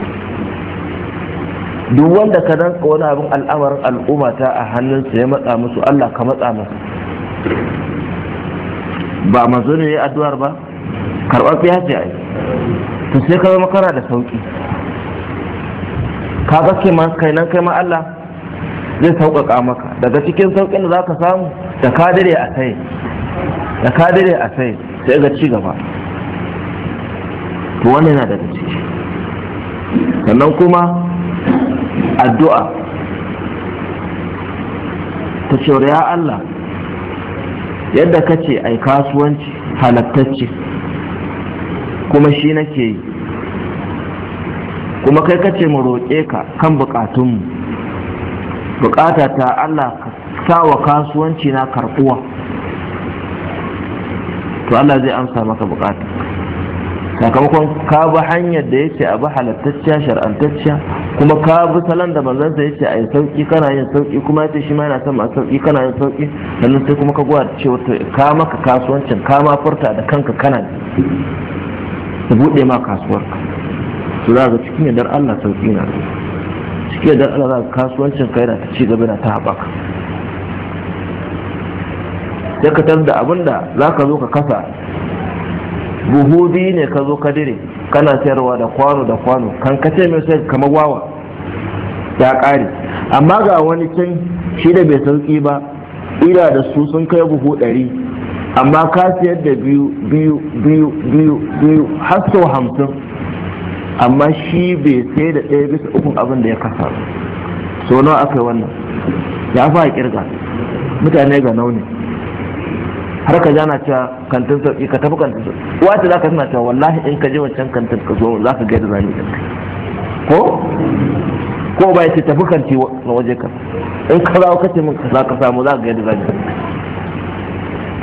duk wanda ka danka wani abin al'amarin al'umma ta a hannunsa ya matsa musu Allah ka matsa musu ba manzo ne ya addu'ar ba karɓar ya ce ai to sai ka zama kana da sauƙi ka ke ma kai nan kai ma Allah zai sauƙaƙa maka daga cikin sauƙin da za ka samu da ka a kai da ka dade a sai sai ga ci gaba to wannan yana daga ciki sannan kuma addu'a ta cewar ya Allah yadda ka ce ai kasuwanci halattacci kuma shi nake yi kuma kai ka ce mu roƙe ka kan buƙatunmu buƙata ta Allah ka sa wa kasuwanci na karɓuwa to Allah zai amsa maka bukata sakamakon ka bi hanyar da yake bi halattacciya shar'antacciya kuma ka bi salon da sa yake a yi sauki kana yin sauki kuma yace shi ma yana son masu sauki kana yin sauki sannan sai kuma ka da cewa ka maka kasuwancin ka ma furta da kanka kana da buɗe ma kasuwarka to za ga cikin yadda Allah sauki na cikin yadda Allah za ka kasuwancin ka yana ta ci gaba na ta haɓaka sai ka tar da abin da za ka zo ka kasa buhu biyu ne ka zo ka dire kana sayarwa da kwano da kwano kan kace mai sai kamar wawa ya ƙare amma ga wani can shi da bai sauki ba ila da su sun kai buhu ɗari amma ka sayar da biyu biyu biyu biyu biyu har sau hamsin amma shi bai sai da ɗaya bisa ukun abin da ya kasa so nawa aka yi wannan ya fa kirga mutane ga nauni har ka jana cewa kantin sauki ka tafi kantin sauki wata za ka suna cewa wallahi in ka je wancan kantin ka zo za ka gaida zani da ko ko ba ya ce tafi kanti na waje ka in ka zawo ka ce min za ka samu za ka gaida zani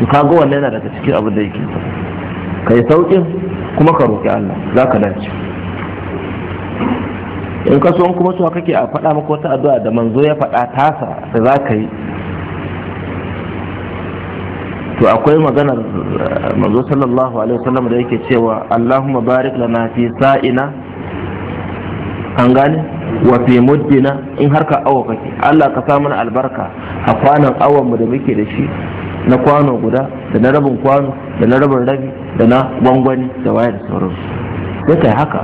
to ka ga wannan yana daga cikin abin da yake ka yi sauƙin kuma ka roƙi Allah za ka dace in ka so kuma cewa kake a faɗa maka wata addu'a da manzo ya faɗa tasa da za ka yi to akwai maganar eh, manzo sallallahu alaihi wasallam da yake cewa Allahumma barik lana fi sa'ina an gane wa fi muddina in har ka awa kake Allah ka sa mana albarka a kwanan awan mu da muke da shi na kwano guda da na rabin kwano da na rabin rabi da na gwangwani da waye da sauran sai kai haka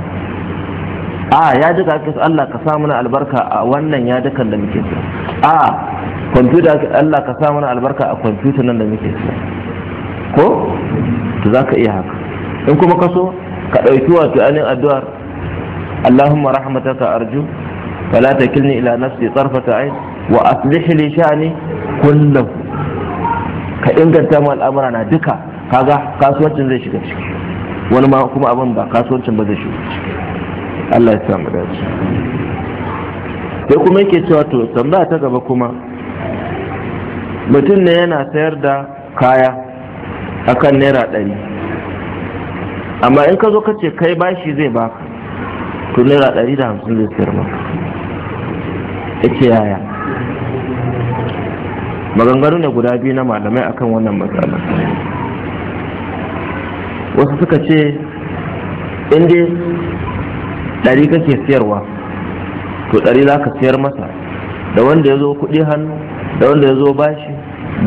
a ya duka ake Allah ka sa mana albarka a wannan ya dukan da muke a kwamfuta Allah ka sa mana albarka a kwamfuta nan da muke ko to za ka iya haka in kuma ka so ka ɗauki wato ainihin addu'ar Allahumma rahmataka arju wala takilni ila nafsi tsarfata ain wa aslih li sha'ni kullum ka inganta mu al'amura na duka kaga kasuwancin zai shiga ciki wani ma kuma abin ba kasuwancin ba zai shiga ciki Allah ya samu dace sai kuma yake cewa to tambaya ta gaba kuma mutum ne yana sayar da kaya kan naira ɗari amma in ka zo ka ce kai bashi zai baka to naira ɗari da hamsin zai sayar maka ya yaya maganganu ne guda biyu na malamai akan wannan matsala wasu suka ce inda ɗari kake siyarwa to ɗari za ka siyar masa da wanda ya zo kuɗi hannu da wanda ya zo bashi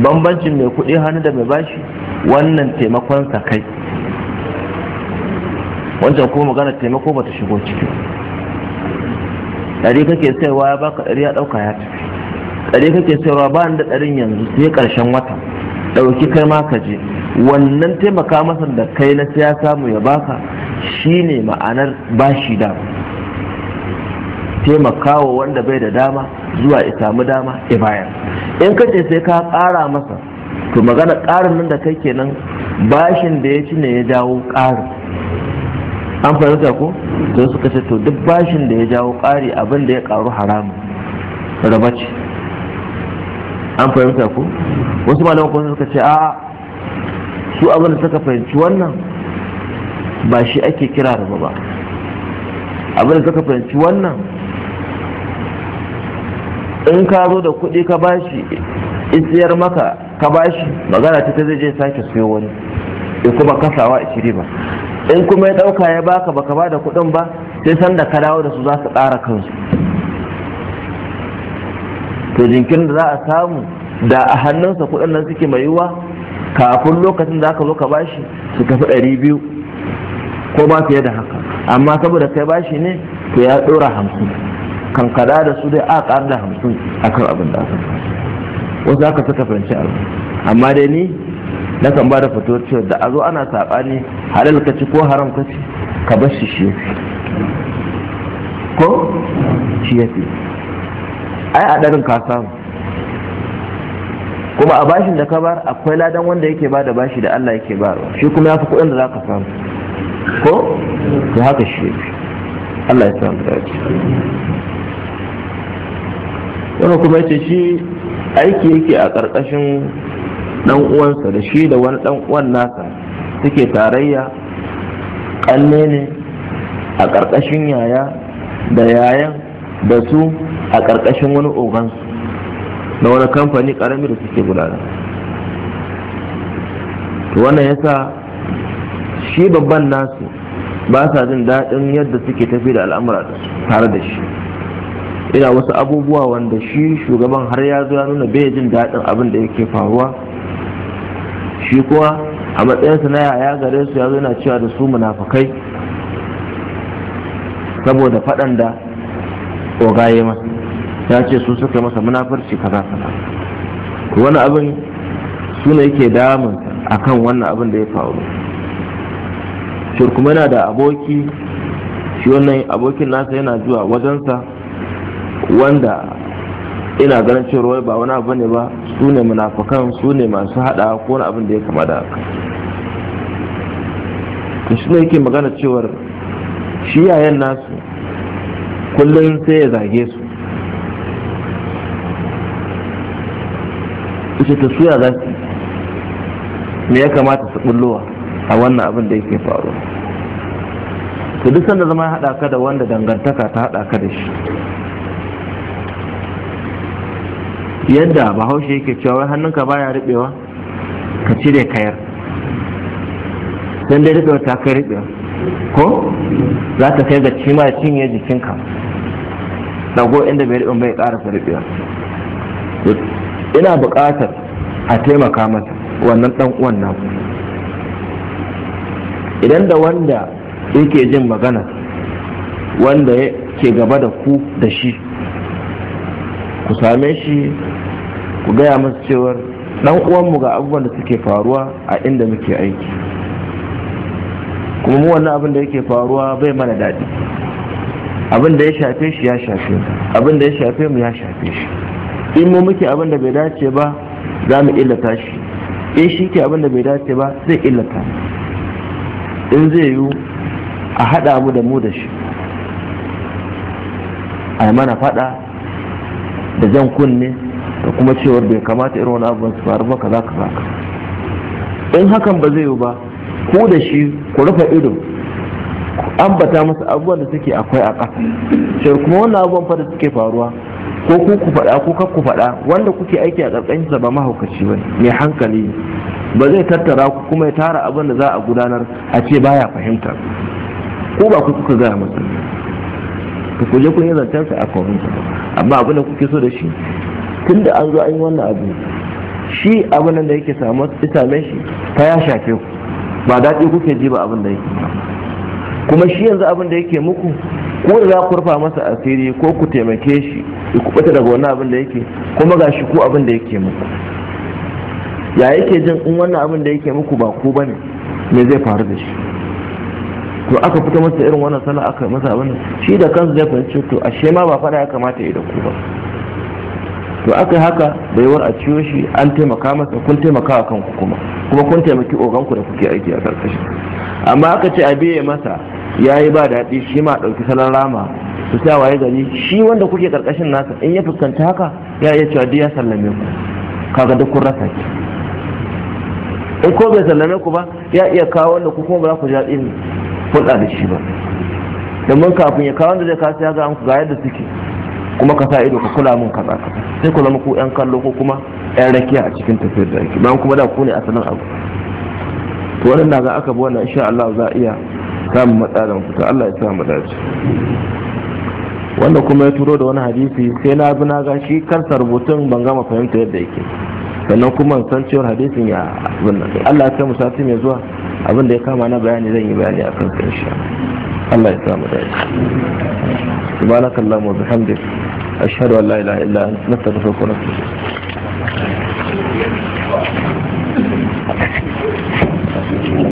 bambancin mai kuɗi hannu da mai bashi wannan taimakon sa kai wancan kuma magana taimako ba ta shigo ciki ɗari kake saiwa ya baka ɗari ya ɗauka ya tafi ɗari kake saiwa ba da ɗarin yanzu sai ƙarshen wata ɗauki kai ma ka je wannan taimaka masa da kai na ya samu ya baka shine ma'anar bashi da taimakawa wanda bai da dama zuwa ya samu dama ya bayar in ka ce sai ka ƙara masa to magana ƙarin nan da kai kenan bashin da ya ci ne ya jawo ƙarin an fahimta ko to suka ce to duk bashin da ya jawo ƙari abin da ya ƙaru haramun raba ce an fahimta ko wasu malaman kuma suka ce a su abin da suka fahimci wannan ba shi ake kira raba ba abin da suka fahimci wannan in ka zo da kuɗi ka bashi isiyar maka ka bashi magana ta ta zai je sake siyo wani in kuma kasawa a ba in kuma ya ɗauka ya baka baka ba da kuɗin ba sai sanda ka dawo da su za su ƙara kansu to jinkirin da za a samu da a hannunsa kuɗin nan suke mai yiwuwa kafin lokacin da aka zo ka bashi su tafi ɗari biyu ko ma fiye da haka amma saboda kai bashi ne to ya ɗora hamsin kankada da su dai a ƙar da hamsin akan abin da aka wasu aka suka fahimci abu amma dai ni na kan ba da fito cewa da a zo ana saɓani halal ka ci ko haram ka ci ka bar shi shi ko shi ya fi ai a ɗarin ka samu kuma a bashin da ka bar akwai ladan wanda yake ba da bashi da Allah yake ba shi kuma ya fi kuɗin da za ka samu ko ya haka shi Allah ya samu dace wani kuma ya ce shi aiki yake a ƙarƙashin ɗan uwansa da shi da wani ɗan uwan nasa suke tarayya ƙalle ne a ƙarƙashin yaya da yayan da su a ƙarƙashin wani ogansu na wani kamfani ƙarami da suke gudana wannan ya sa shi babban nasu ba sa jin daɗin yadda suke tafi da al'amura tare da shi ina wasu abubuwa wanda shi shugaban har ya zo ya nuna bai jin daɗin abin da yake faruwa shi kuwa a matsayinsa na yaya gare su ya zo yana cewa da su munafukai saboda faɗan da ogaye masa ya ce su suka masa munafurci kaza kaza wani abin su ne yake damun akan wannan abin da ya faru shirkuma yana da aboki shi wannan abokin nasa yana zuwa wajensa wanda ina ganin cewa ba wani abu ne ba su ne munafukan su ne masu hada ko wani abin da ya kama da haka to shi ne yake magana cewar shi yayan nasu kullum sai ya zage su ita ta suya za su me ya kamata su bullowa a wannan abin da yake faruwa to duk sanda zama ya haɗa ka da wanda dangantaka ta haɗa ka da shi yadda bahaushe yake cewa wai hannunka baya rubewa ka cire kayar dan dai rubewa ta kai rubewa ko za ta kai ga cima cinye jikinka dago inda bai riɓin bai ƙarasa rubewa ina buƙatar a taimaka mata wannan dan uwan na idan da wanda yake jin magana wanda ke gaba da ku da shi ku same shi ku gaya masu cewar dan uwanmu ga abubuwan da suke faruwa a inda muke aiki kuma mu wannan abin da yake faruwa bai mana daɗi abin da ya shafe shi ya shafe abin da ya shafe mu ya shafe shi in mu muke abin da bai dace ba za mu illata shi in shi ke abin da bai dace ba zai illata in zai yiwu a haɗa mu da mu da shi a mana faɗa da jan kunne da kuma cewar bai kamata irin wani abu su faru ba kaza kaza in hakan ba zai yi ba ko da shi ku rufe ido ambata masa abubuwan da suke akwai a ƙasa sai kuma wannan abubuwan fa da suke faruwa ko ku ku faɗa ko ka ku faɗa wanda kuke aiki a ƙarƙashin ba mahaukaci ba mai hankali ba zai tattara ku kuma ya tara abin da za a gudanar a ce baya fahimta ko ba ku kuka gaya masa ku kuje kun yi zancen sa a kwarinta amma abin da kuke so da shi tun da an zo an yi wannan abu shi abin da yake samu same shi ta ya shafe ku ba daɗi kuke ji ba abin da yake kuma shi yanzu abin da yake muku ko da za ku rufa masa asiri ko ku taimake shi ku kuɓuta daga wani abin da yake kuma ga shi ku abin da yake muku ya yake jin in wannan abin da yake muku ba ku bane me zai faru da shi to aka fita masa irin wannan sana'a aka masa abin shi da kansa zai fahimci to ashe ma ba faɗa ya kamata ya da ku ba to aka haka baiwar a ciyo shi an taimaka masa kun taimaka a kanku kuma kuma kun taimaki oganku da kuke aiki a karkashi amma aka ce a biye masa ya yi ba daɗi shi ma ɗauki salon rama su sa waye gari shi wanda kuke karkashin nasa in ya fuskanci haka ya iya cewa ya sallame ku kaga duk kun rasa ki in ko bai sallame ku ba ya iya kawo wanda ku kuma ba za ku ji daɗin hulɗa da shi ba domin kafin ya kawo wanda zai kasa ya ga an ku ga yadda suke kuma ka sa ido ka kula mun kaza kaza sai ku zama ku yan kallo ko kuma yan rakiya a cikin tafiyar da ake bayan kuma da ku ne asalin abu to wannan na ga aka bi wannan insha Allah za iya samun matsalan to Allah ya sa mu dace wanda kuma ya turo da wani hadisi sai na bi na ga shi kansa rubutun ban gama fahimta yadda yake sannan kuma san cewar hadisin ya abin Allah ya kai mu sati mai zuwa abin da ya kama na bayani zan yi bayani a kan insha Allah الله يسلمك سبحانك اللهم وبحمدك أشهد أن لا إله إلا أنت نستغفرك ونتوب